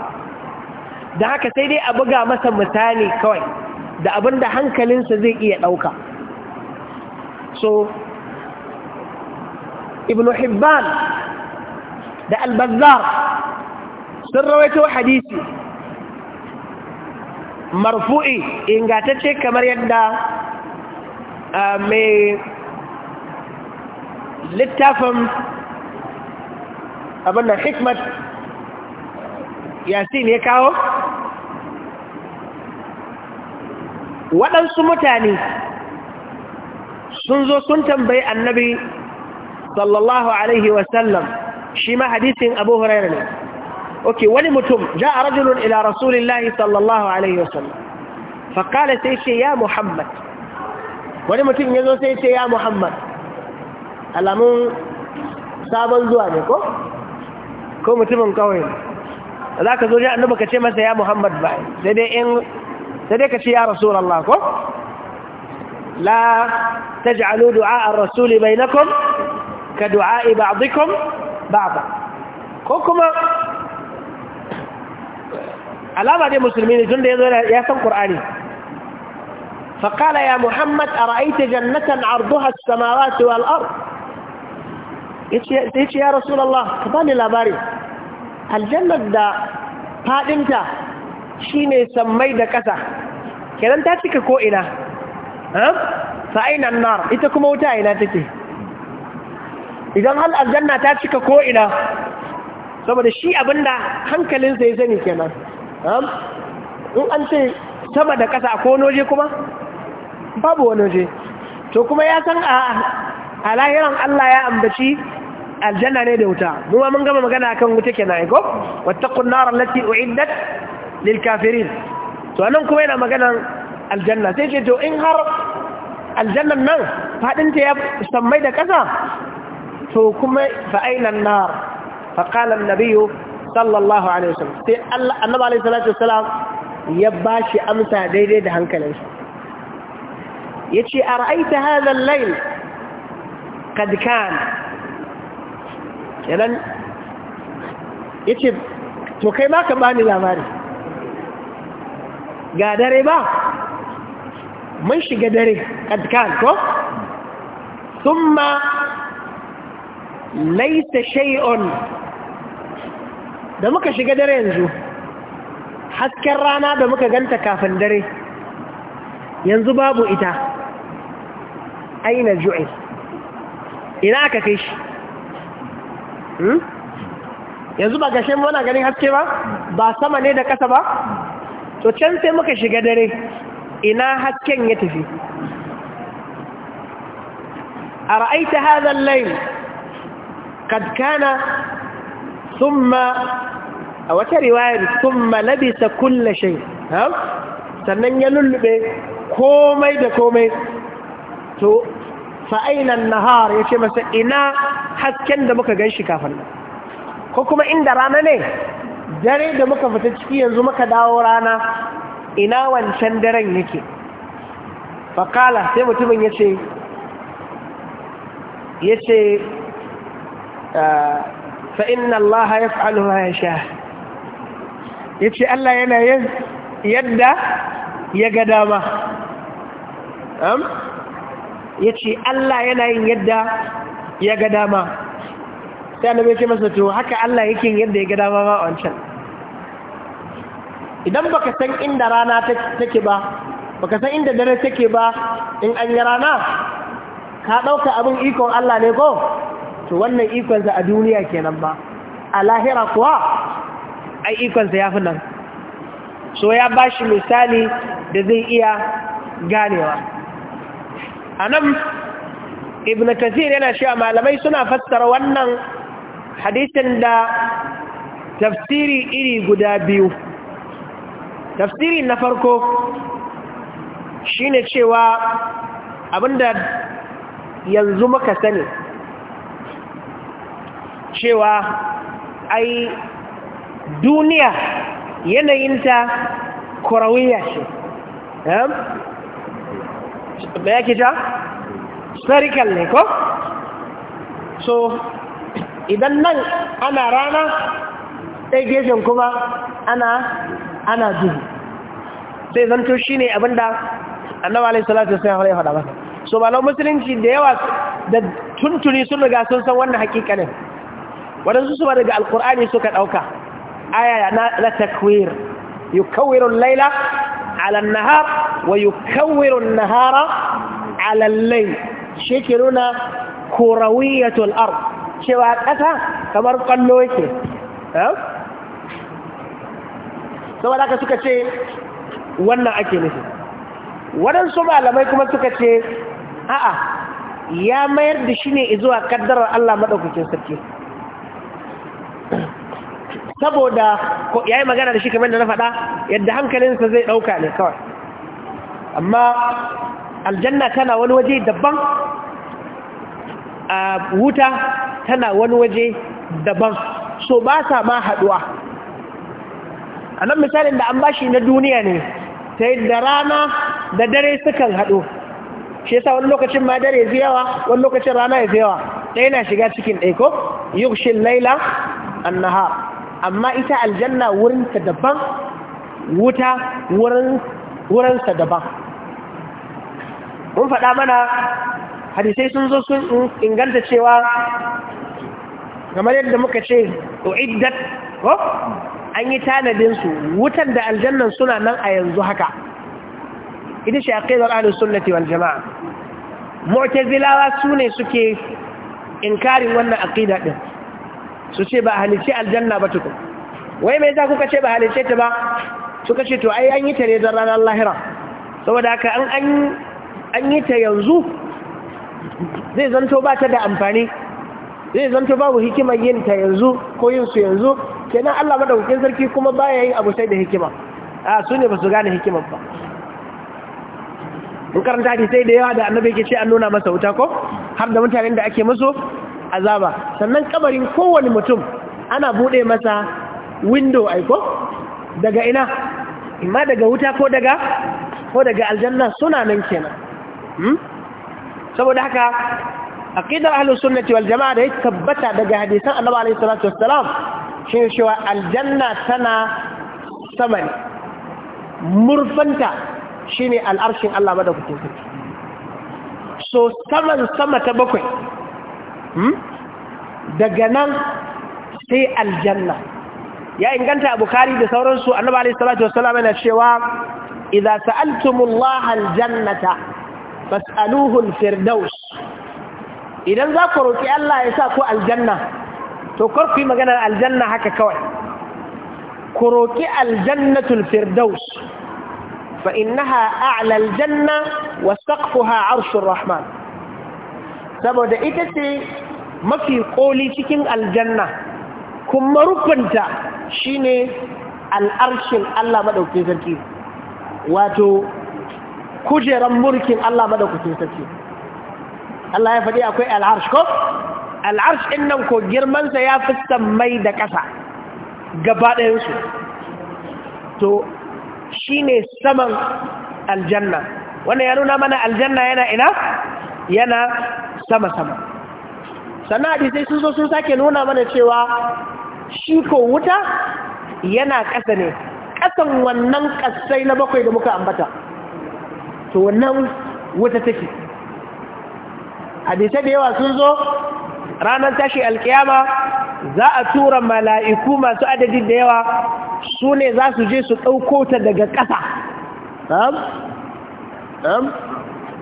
Speaker 1: da haka sai dai a buga masa misali kawai da abin da hankalinsa zai iya ɗauka so ibn hibban da albazar sun rawaito hadisi marfu'i ingatacce kamar yadda ah, mai littafin abin da hikmat yasin ya kawo waɗansu mutane sun zo sun tambayi annabi sallallahu alaihi wasallam shi ma hadisin abu hurairu ne ok wani mutum ja a rajulun ila rasulillahi sallallahu alaihi wasallam faƙala sai ce ya muhammad wani mutum ya zo sai ce ya muhammad alamun sabon zuwa ne ko ko mutumin kawai za ka zo ne annabi ka ce masa ya muhammad ba sai dai ka ce ya rasulullah ko la ta taj'alu du'a rasuli bai na kom? ka du'a ba'dikum ba'd ko kuma alama dai musulmi ne tunda yazo ya san qur'ani فقال يا محمد أرأيت جنة عرضها السماوات والأرض sai ce ya rasulallah ka ni labari aljannar da faɗinta shi ne sammai da ƙasa kenan ta cika ko'ina fa'ainan nar ita kuma wuta ina take idan hal aljanna ta cika ko'ina saboda shi abinda hankalinsa ya sani kenan in an ce sama da ƙasa ko noje kuma babu wani noje to kuma ya san a a lahiran Allah ya ambaci aljanna ne da wuta mu ma mun gama magana akan wuta kenan ko wattaqun nar allati uiddat lil kafirin to anan kuma yana magana aljanna sai ce to in har aljannan nan fadin ta ya sammai da kasa to kuma fa aina nar fa qala an-nabiy sallallahu alaihi wasallam sai Allah annabi alaihi salatu wasalam ya bashi amsa daidai da hankalinsa yace ara'aita hadha al-layl قد كان kenan yace to kai ba ka bani labari ga dare ba mun shiga dare ƙadkan ko sun ma laita shay'on da muka shiga dare yanzu hasken rana da muka ganta kafin dare yanzu babu ita aina ju'ai ina aka kai shi hmm? yanzu ba gashe muna ganin haske ba ba sama ne da ƙasa ba to can sai muka shiga dare ina hasken ya tafi a ra'aita hazan layin kadkana summa a wata riwayar summa labisa kulla shai sannan ya lullube komai da komai to fa'ainan nahar ya ce masa ina hasken da muka gan shi kafin nan ko kuma inda rana ne dare da muka fita ciki yanzu muka dawo rana ina wancan daren yake fakala sai mutumin ya ce ya ce ah, Allah ya fa'alu ya sha ya ce Allah yana yadda ya ga dama ya ce Allah yana yin yadda ya ga dama sai annabi ya ce masa to haka Allah yake yin yadda ya ga dama ba wancan idan baka san inda rana take ba baka san inda dare take ba in an yi rana ka ɗauka abin ikon Allah ne ko to wannan ikonsa a duniya kenan ba a lahira kuwa ai ikonsa ya fi nan so ya bashi misali da zai iya ganewa a nan ibn kathir yana cewa malamai suna fassara wannan hadisin da tafsiri iri guda biyu tafsiri na farko shine cewa abinda yanzu muka sani cewa ai duniya yanayinta kurawiya ce eh? me yake spherical ne ko so idan nan ana rana ɗaya gefen kuma ana ana duhu sai zanto shi ne abinda annaba alaihi salatu sai ya faɗa masa so ba musulunci da yawa da tuntuni sun riga sun san wannan hakikanin waɗansu su ba daga alkur'ani suka ɗauka aya na takwir yukawirun laila ala nahar wa yukawwiru nahara ala al-layl shi ke nuna ƙasa kamar kwallo yake saboda ka suka ce wannan ake nufi waɗansu malamai kuma suka ce a'a ya mayar da shi ne zuwa kaddarar Allah maɗaukakin sarki saboda ya yi magana da shi kamar da na faɗa yadda hankalinsa zai ɗauka ne kawai amma aljanna tana wani waje daban a wuta tana wani waje daban so ba sa ma haɗuwa a nan misalin da an bashi na duniya ne ta yi da rana da dare sukan haɗu shi yasa wani lokacin ma dare zai yawa wani lokacin rana ya zai yawa ɗaya na shiga cikin ɗaiko yukshin laila annahar amma ita aljanna wurinta daban wuta wurinsa daban mun faɗa mana hadisai sun zo sun inganta cewa kamar yadda muka ce uiddat ko an yi tanadinsu wutan da aljannan suna nan a yanzu haka ita shi aqidar ahlus sunnati wal jamaa mu'tazilawa sune suke inkarin wannan aqida din su ce ba halice aljanna ba tukun wai mai za kuka ce ba halice ta ba suka ce to ai an yi ta ne don ranar lahira saboda haka an yi ta yanzu zai zanto ba ta da amfani zai zanto babu hikimar yin ta yanzu ko yin su yanzu kenan Allah madaukakin sarki kuma baya yin abu sai da hikima a su ne ba su gane hikimar ba in karanta sai da yawa da annabi ke ce an nuna masa wuta ko har da mutanen da ake musu azaba sannan kabarin kowane mutum ana buɗe masa window aiko daga ina imma daga wuta ko daga ko daga aljanna suna nan kenan hmm? saboda haka aqidar ahlus sunnati wal jamaa da ya tabbata daga hadisan annabi alaihi salatu wassalam shi cewa aljanna tana sama ne murfanta shine al'arshin Allah madaukakin sarki so saman sama ta bakwai Hmm? daga nan sai aljanna ya inganta a bukari da sauransu annaba alaihi salatu wassalam yana cewa idza sa'altumullaha aljannata fas'aluhu alfirdaus idan za ku roki Allah ya sa ku aljanna to kar ku yi maganar aljanna haka kawai ku roki aljannatul firdaus fa innaha a'la aljanna wa saqfuha 'arshur rahman saboda ita ce mafi ƙoli cikin aljanna kuma rukunta shine al'arshin Allah maɗauki sarki wato kujeran mulkin Allah maɗauki sarki Allah ya faɗi akwai al'arsh ko? al'arsh innan nan ko girmansa ya fi mai da ƙasa gaba ɗayansu to shi ne saman aljanna wanda ya nuna mana aljanna yana ina yana sama-sama sannan hadisai sun zo sun sake nuna mana cewa shi ko wuta yana ƙasa ne ƙasan wannan ƙasai na bakwai da muka ambata to wannan wuta take hadisai da yawa sun zo ranar tashi alkiyama za a tura mala'iku masu adadi da yawa su ne za su je su ɗauko ta daga ƙasa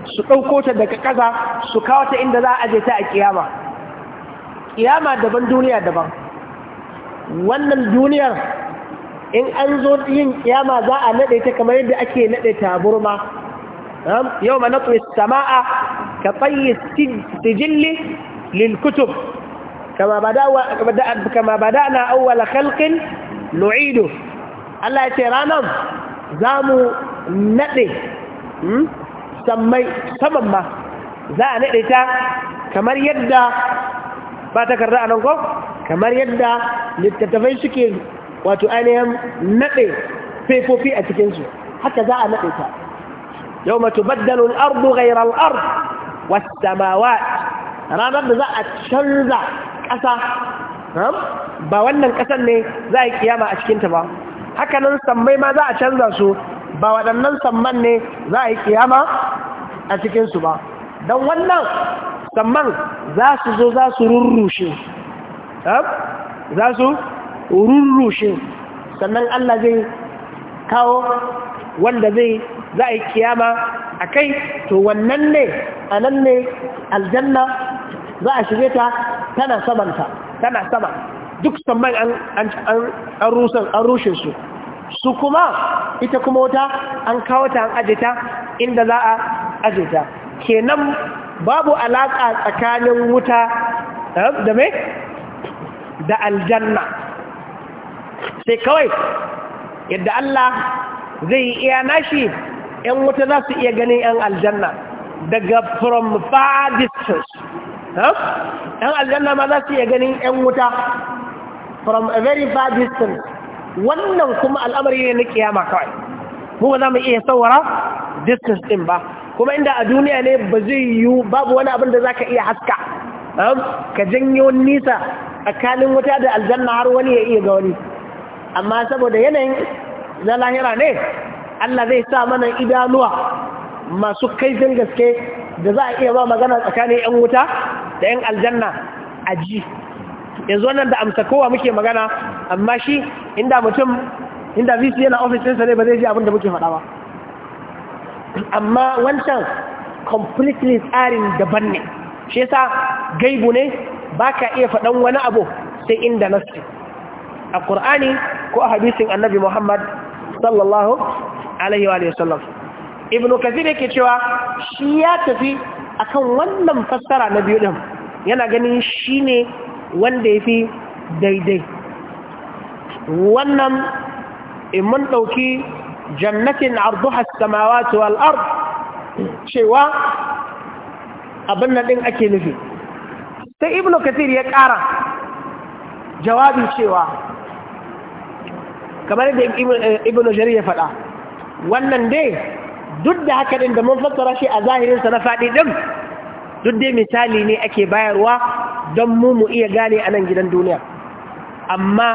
Speaker 1: su ɗauko ta daga ƙasa su kawo ta inda za a je ta a ƙiyama. Ƙiyama daban duniya daban wannan duniyar in an zo yin ƙiyama za a naɗe ta kamar yadda ake naɗe taburma yau ma naɗe sama'a ka tsayi sijilli lilkutub kama ba da na auwala halkin nu'idu Allah ya ce ranar za mu naɗe hmm? sammai saman ma za a naɗe ta kamar yadda ba takarda a nan ko kamar yadda littattafai suke wato ainihin naɗe faifofi a cikinsu haka za a naɗe ta yau matu baddalin ardu gairar ard wasu samawa ranar da za a canza ƙasa ba wannan ƙasar ne za a yi kiyama a cikinta ba hakanan sammai ma za a canza su ba waɗannan samman ne za a yi kiyama a cikinsu ba don wannan samman za su zo za su rurrushe za su rurrushe sannan Allah zai kawo wanda zai za a yi kiyama a kai to wannan ne a nan ne aljanna za a shige ta tana samanta tana sama duk samman an rushe su su kuma ita kuma wuta an kawo ta an ajita inda za a ajita kenan babu alaƙa tsakanin wuta eh, da mai da aljanna sai kawai yadda Allah zai iya nashi ‘yan wuta za su iya ganin ‘yan aljanna daga from far distance eh, ‘yan aljanna ma za su iya ganin ‘yan wuta from a very far distance wannan kuma al'amari ne na kiyama kawai mu ba za mu iya saurara distance ɗin ba kuma inda a duniya ne ba zai yiwu babu wani abin da za ka iya haska ka janyo nisa tsakanin wuta da aljanna har wani ya iya ga wani amma saboda yanayin na lahira ne Allah zai sa mana idanuwa masu kaifin gaske da za a iya ba magana tsakanin 'yan wuta da 'yan aljanna a ji yanzu wannan da amsa kowa muke magana amma shi inda mutum inda vc yana ofis ɗinsa ne ba zai ji abin da muke faɗa ba amma wancan completely tsarin daban ne shi yasa gaibu ne baka iya faɗan wani abu sai inda nasu a ƙur'ani ko a hadisin annabi muhammad sallallahu alaihi wa sallam ibnu kathir yake cewa shi ya tafi akan wannan fassara na biyu din yana ganin shine wanda ya fi daidai wannan in mun ɗauki jannatin arduhas samawati wal ard cewa abin nan ɗin ake nufi sai ibnu kathir ya ƙara jawabin cewa kamar da eh, ibnu jarir ya faɗa wannan dai duk da haka ɗin da mun fassara shi a zahirinsa na faɗi ɗin duk dai misali ne ake bayarwa don mu mu iya gane a nan gidan duniya amma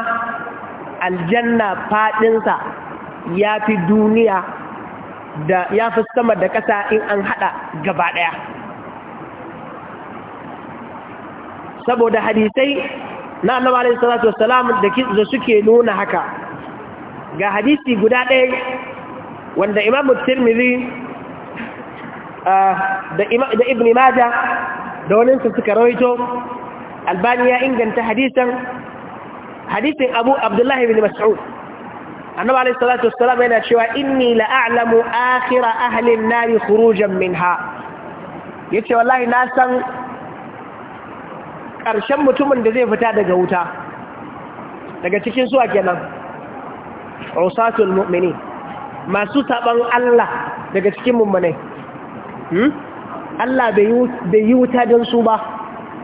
Speaker 1: aljanna faɗinsa ya fi duniya da ya fi sama da ƙasa in an haɗa gaba ɗaya saboda hadisai na annaba alaihi salatu wassalam da suke nuna haka ga hadisi guda ɗaya wanda imamu tirmidhi ah, da ibn maja da su suka rawaito albani ya inganta hadisan hadisin abu abdullahi bin mas'ud annabi alaihi salatu wassalam yana cewa inni la a'lamu akhira ahli an-nar khurujan minha yace wallahi na san karshen mutumin da zai fita daga wuta daga cikin suwa kenan usatul mu'minin masu saban Allah daga cikin mummunai hmm? Allah bai yi wuta don su ba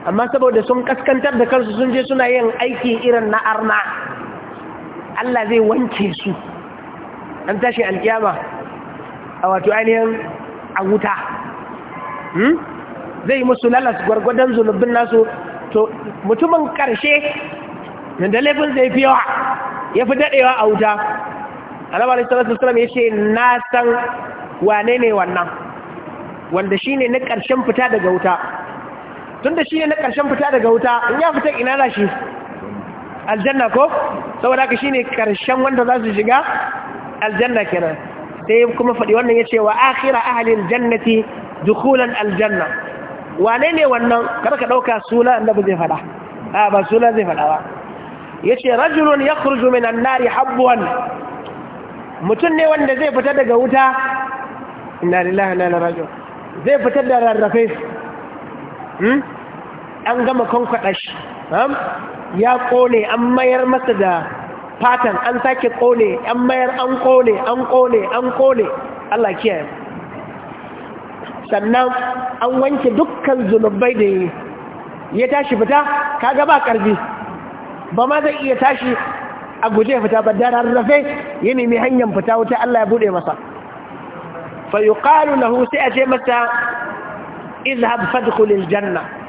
Speaker 1: amma saboda sun kaskantar da kansu sun je suna yin aiki irin na arna Allah zai wanke su an tashi alkiyama a wato ainihin a wuta hmm? zai musu lalas gwargwadon zunubin nasu to mutumin ƙarshe da laifin zai fi yawa ya fi daɗewa a wuta alama da salatu ya ce na san wane ne wannan wanda shi ne na ƙarshen fita daga wuta tunda shi ne na ƙarshen fita daga wuta in ya fita ina na shi aljanna ko saboda haka shine ƙarshen wanda za su shiga aljanna kenan sai kuma faɗi wannan ya ce wa akira ahalin jannati dukhulan aljanna wane ne wannan kada ka dauka suna annabi zai faɗa a ba suna zai faɗa ba yace rajulun yakhruju min an-nari habwan mutum ne wanda zai fita daga wuta inna lillahi wa inna ilaihi raji'un zai fitar da rarrafe hmm? an gama kwankwaɗa shi ya ƙone an mayar masa da fatan an sake ƙone an mayar an kone, an kone, an kone Allah kiyaye sannan an wanke dukkan zunubai da ya tashi fita kaga ba ƙarfi ba ma zai iya tashi a guje fita ba da rarrafe ya nemi hanyar fita wuta Allah ya buɗe masa fa yuqalu lahu sai a ce masa izhab fadkhul janna.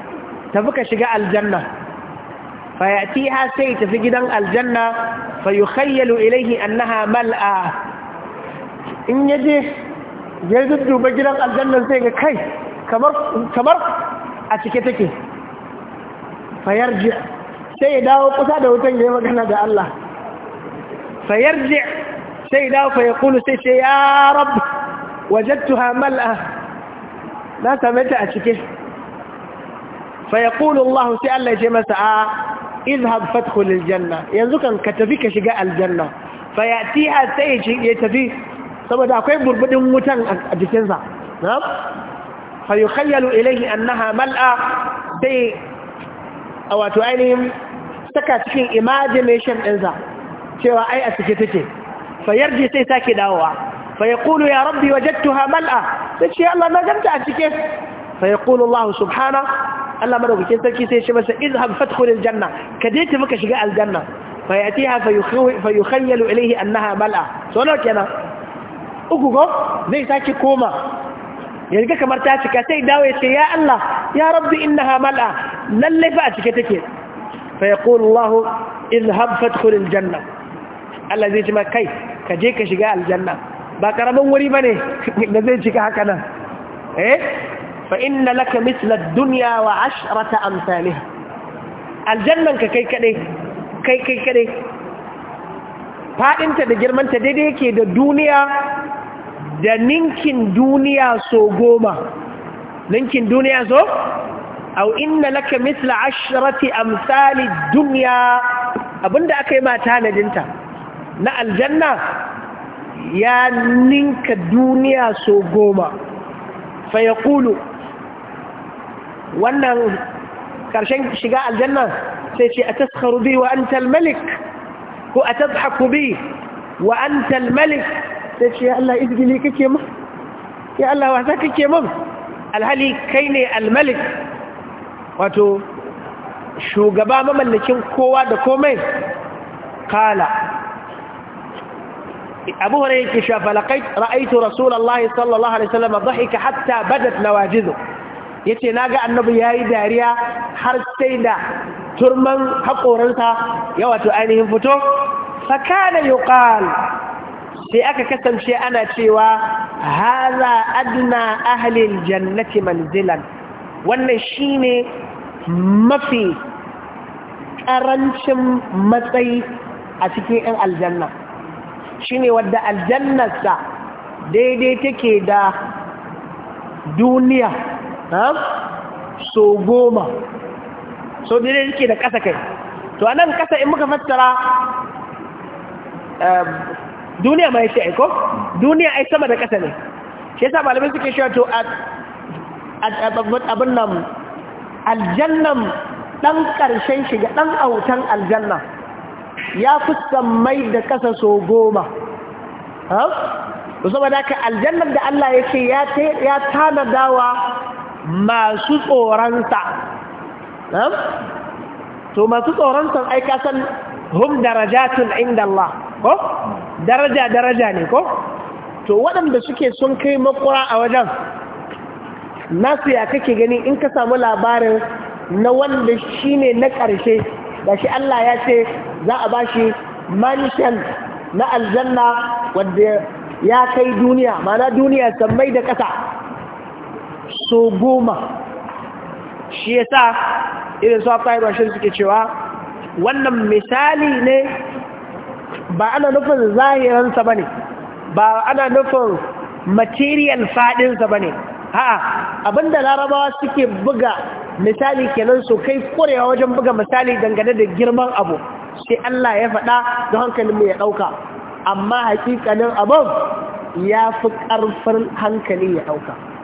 Speaker 1: tafi ka shiga aljanna fa yatiha sai tafi gidan aljanna fa yukhayyalu ilaihi annaha mal'a in yaje ya dudduba gidan aljanna sai ga kai kamar a cike take Fayar yarji sai ya dawo kusa da wutan ya yi magana da Allah fayar yarji sai ya dawo fa yaqulu sai ce ya rab ha mal'a na same ta a cike fa Allah sai Allah ya ce masa a izhab fadkhul aljanna yanzu kan ka tafi ka shiga aljanna fa yatiha sai ya tafi saboda akwai burbudin wutan a jikinsa na'am fa ilayhi annaha mal'a sai a wato ainihin saka cikin imagination ɗinsa cewa ai a cike take fa sai sake dawowa fa yaqulu ya rabbi wajadtuha mal'a sai ce Allah na ganta a cike fa yaqulu Allah subhana Allah madaukakin sarki sai shi masa izhab fadkhul aljanna ka je ta maka shiga aljanna fa yatiha fa yukhayyalu ilayhi annaha mal'a so nawa kenan uku zai saki koma ya riga kamar ta cika sai dawo ya ce ya Allah ya rabbi innaha mal'a lalle fa a cike take fa yaqulu Allah izhab fadkhul aljanna Allah zai ma kai ka je ka shiga aljanna ba karamin wuri ne da zai cika haka nan فإن لك مثل الدنيا وعشرة أمثالها الجنة كي كده كي كي كده فأنت دا جرمان تدده كي دا دنيا دا ننكن دنيا سو قوما ننكن دنيا سو أو إن لك مثل عشرة أمثال الدنيا أبن دا أكي ما تانا دنتا نا الجنة يا ننك دنيا سو قوما فيقولوا wannan karshen shiga aljanna sai ce a taskaru bi wa anta malik ko a tadhaku bi wa anta malik sai ce Allah izgili kake mun ya Allah wasa kake mun alhali kai ne almalik wato shugaba mamallakin kowa da komai kala abu hore yake shafa laƙai ra'aitu rasulallah sallallahu alaihi wasallam dhahika hatta badat nawajizu ya ce na ga annabi ya yi dariya har sai da turman haƙorinsa ya wato ainihin fito fakana yuqal sai aka kasance ana cewa haza adna ahalin jannati manzilan wannan shine mafi ƙarancin matsayi a cikin 'yan aljanna shine wadda aljannarsa daidai take da duniya so goma so dire yake da ƙasa kai to anan ƙasa in muka fassara eh, duniya ma shi aiko duniya ai sama da ƙasa ne shi yasa malamai suke cewa to abin nan aljannan ɗan ƙarshen shiga ɗan autan aljanna ya fi sammai da ƙasa so goma saboda ka aljannan da Allah ya ce ya tanadawa masu tsoronsa to masu tsoronsa ai kasan hum darajatun inda Allah ko daraja daraja ne ko to waɗanda suke sun kai makura a wajen nasu ya kake gani in ka samu labarin na wanda shi ne na ƙarshe da shi Allah ya ce za a ba shi manishan na aljanna wadda ya kai duniya mana duniya sammai da ƙasa so goma shi ya sa irin su hafta ibashin suke cewa wannan misali ne ba ana nufin zahiransa ba ne ba ana nufin material fadinsa ba ne ha'a abinda larabawa suke buga misali kenan su kai ƙwarewa wajen buga misali dangane da girman abu sai Allah ya faɗa da hankalin mai ya ɗauka amma haƙiƙanin abin ya fi ƙarfin hankali ya ɗauka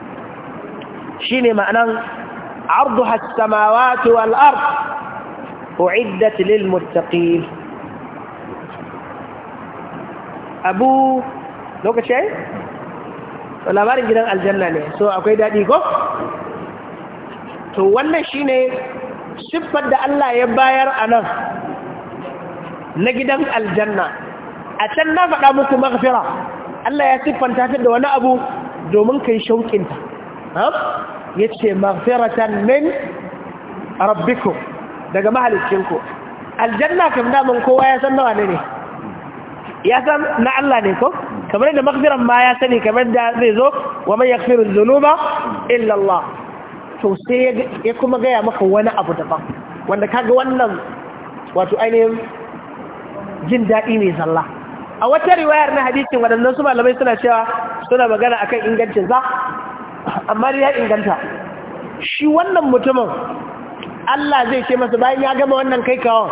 Speaker 1: shine ma'anan arduha as-samawati wal ard u'iddat lil muttaqin abu lokaci labarin gidan aljanna ne so akwai daɗi ko to wannan shine siffar da Allah ya bayar a nan na gidan aljanna a can na faɗa muku maghfira Allah ya siffanta ta da wani abu domin kai shauƙinta ya ce magfiratan min rabbiku daga mahalicinku aljanna kam daman kowa ya san nawa ne ya san na Allah ne ko kamar da magfiran ma ya sani kamar da zai zo wa man yaghfiru dhunuba illa Allah to sai ya kuma gaya maka wani abu daban wanda kaga wannan wato ainihin jin daɗi mai zalla a wata riwayar na hadisin waɗannan su malamai suna cewa suna magana akan ingancin za amma ya inganta shi wannan mutumin Allah zai ce masa bayan ya gama wannan kai kawon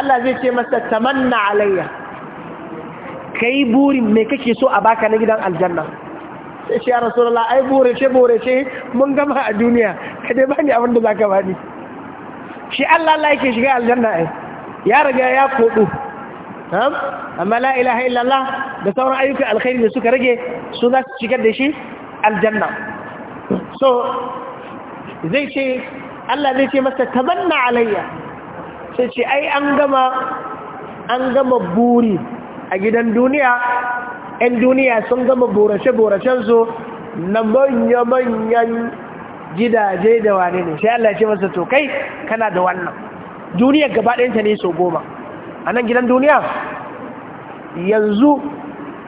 Speaker 1: Allah zai ce masa tamanna alayya kai burin me kake so a baka na gidan aljanna sai shi ya rasulullah ai bore ce bore ce mun gama a duniya ka dai bani abin da zaka bani shi Allah Allah yake shiga aljanna ai ya riga ya kodu amma la ilaha illallah da sauran ayyukan alkhairi da suka rage su za su shigar da shi aljanna so zai ce Allah zai ce masa tabanna alayya sai ce ai an gama an gama buri a gidan duniya ‘yan duniya sun gama borace su na manya-manyan gidaje da wane ne sai Allah ce masa to kai kana da wannan duniya gabaɗinta ne so goma a nan gidan duniya yanzu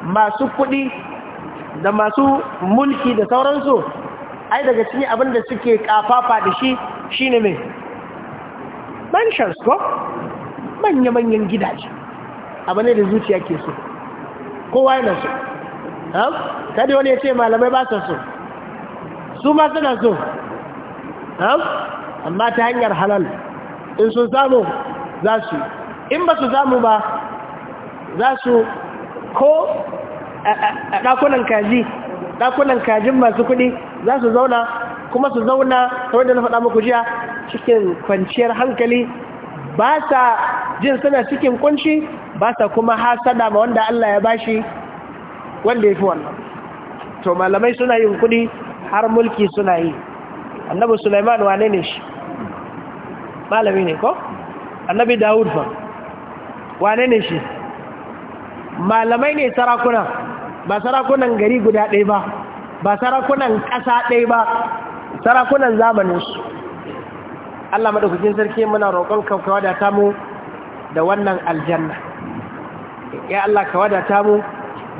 Speaker 1: masu kuɗi da masu mulki da sauransu ai daga cikin abin da suke kafafa da shi shine mai mansions ko manya-manyan gidaje abu ne da zuciya ke so kowa yana so kada wani ya ce malamai ba su so su ma suna so amma ta hanyar halal in sun samu za su in ba su samu ba za su ko a ɗakunan kaji ɗakunan kajin masu kuɗi za su zauna kuma su zauna kamar da na faɗa muku jiya cikin kwanciyar hankali ba sa jin suna cikin kunci ba sa kuma hasada ma wanda Allah ya bashi wanda ya fi wannan to malamai suna yin kuɗi har mulki suna yi annabi Sulaiman wane ne shi malami ne ko annabi Dawud fa wane ne shi malamai ne sarakuna ba sarakunan gari guda ɗaya ba ba sarakunan ƙasa ɗaya ba sarakunan zamaninsu Allah maɗaukakin sarki muna roƙon ka wadata mu da wannan aljanna ya Allah ka wadata mu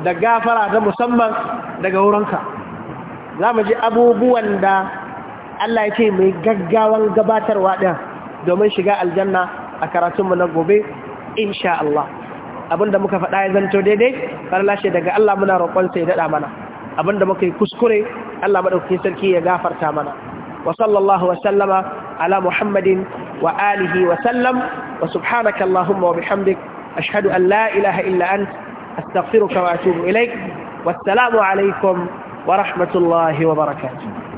Speaker 1: da gafara ta musamman daga wurinka za mu ji abubuwan da Allah ya ce mai gaggawan gabatarwa ɗin domin shiga aljanna a karatunmu na gobe insha Allah abinda muka faɗa ya zanto daidai lashe daga Allah muna roƙon sai daɗa mana abinda muka yi kuskure Allah madaukakin sarki ya gafarta mana wa sallallahu wa sallama ala muhammadin wa alihi wa sallam wa subhanaka allahumma wa bihamdik ashhadu an la ilaha illa ant astaghfiruka wa atubu ilaik wassalamu alaikum wa rahmatullahi wa barakatuh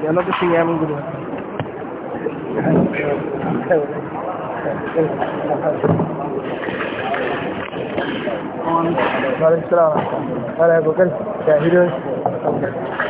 Speaker 1: ya lokacin ya mun gudu Waalaikumsalam. Waalaikumsalam. Saya hidup.